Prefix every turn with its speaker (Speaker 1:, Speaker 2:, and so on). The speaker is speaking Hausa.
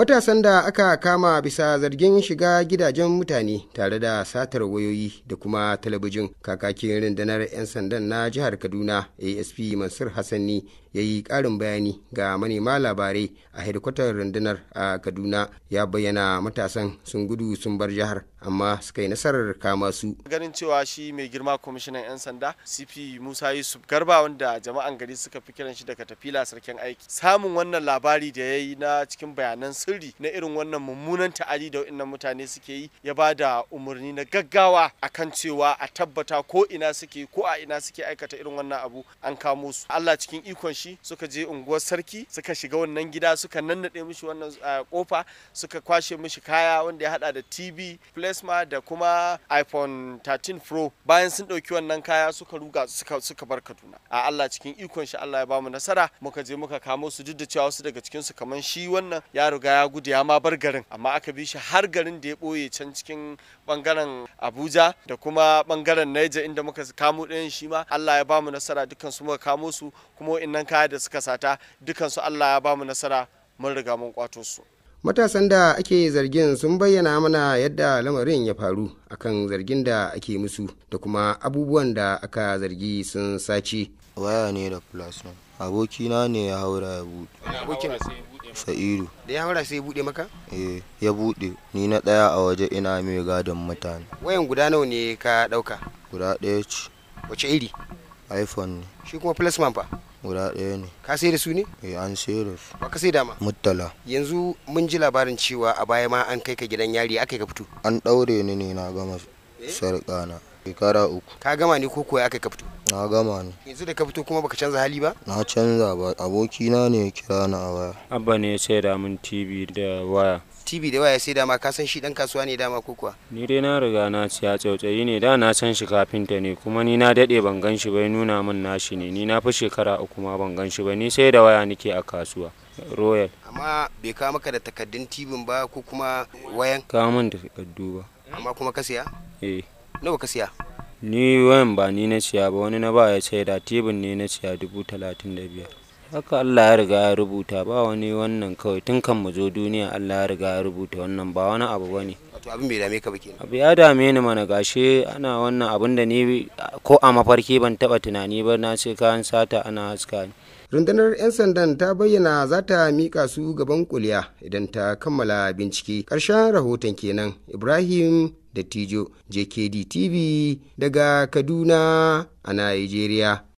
Speaker 1: matasan da aka kama bisa zargin shiga gidajen mutane tare da satar wayoyi da kuma talabijin kakakin rundunar 'yan sandan na jihar kaduna asp mansur hassani ya yi karin bayani ga manema labarai a hedikwatar rundunar a kaduna ya bayyana matasan sun gudu sun bar jihar amma suka yi nasarar kama su
Speaker 2: ganin cewa shi mai girma kwamishinan 'yan sanda cp musa yusuf garba wanda jama'an gari suka fi kiran shi daga tafila sarkin aiki samun wannan labari da ya yi na cikin bayanan sirri na irin wannan mummunan ta'adi da waɗannan mutane suke yi ya ba da umarni na gaggawa a kan cewa a tabbata ko ina suke ko a ina suke aikata irin wannan abu an kamo su Allah cikin ikon shi suka je unguwar sarki suka shiga wannan gida suka nannade mishi wannan kofa suka kwashe mishi kaya wanda ya hada da TV plasma da kuma iPhone 13 Pro bayan sun ɗauki wannan kaya suka ruga suka bar Kaduna a Allah cikin ikon shi Allah ya bamu nasara muka je muka kamo su duk da cewa wasu daga cikin su kaman shi wannan ya riga ga ya gudu ya ma bar garin amma aka bi shi har garin da ya ɓoye can cikin bangaren abuja da kuma bangaren naija inda muka kamo ɗayan shi ma allah ya bamu nasara dukkan su muka kamo su kuma nan kaya da suka sata dukkan su allah ya bamu nasara mun riga mun kwato su
Speaker 1: matasan da ake zargin sun bayyana mana yadda lamarin ya faru akan zargin da ake musu da kuma abubuwan da aka zargi sun sace waya ne da plasma abokina ne ya haura ya buɗe sa'iru Da ya haura sai ya bude maka? Eh, ya bude. Ni na daya a waje ina mai gadon mutane. Wayan guda nawa ne ka dauka? Guda daya ce. Wace iri? iPhone ne. Shi kuma plasman fa? Guda daya ne. Ka sai da su ne? Eh, an sai da su. Ba ka sai da ma? Muttala. Yanzu mun ji labarin cewa a baya ma an kai ka gidan yari akai ka fito. An daure ni ne na gama eh?
Speaker 3: sarƙana. shekara uku
Speaker 1: ka gama ne ko koya aka ka fito na gama ne yanzu da ka kuma baka canza hali ba
Speaker 3: na canza ba abokina ne ya kira na a waya abba ne ya sai da min tv da waya
Speaker 1: tv da waya sai dama ka san shi dan kasuwa ne dama ko kuwa
Speaker 3: ni dai na riga na siya tsautsayi ne da na san shi kafinta ne kuma ni na dade ban gan shi bai nuna min nashi ne ni na fi shekara uku ma ban gan shi ba ni sai da waya nake a kasuwa royal
Speaker 1: amma bai kawo maka da takaddun tibin ba ko kuma wayan
Speaker 3: kawo min da takaddu ba
Speaker 1: amma kuma ka siya eh nawa ka siya
Speaker 3: ni wayan ba ni na siya ba wani na ba ya sai da tibin ne na siya dubu talatin da biyar haka Allah ya riga ya rubuta ba wani wannan kawai tun kan mu zo duniya Allah ya riga ya rubuta wannan ba wani abu wato abin bai dame ka ba kenan abu ya dame ni mana gashi ana wannan abin da ni ko a mafarki ban taba tunani ba na ce kayan sata ana haska ni
Speaker 1: rundunar 'yan sandan ta bayyana za ta mika su gaban kuliya idan ta kammala bincike karshen rahoton kenan ibrahim dattijo jkd
Speaker 2: tv daga kaduna a nigeria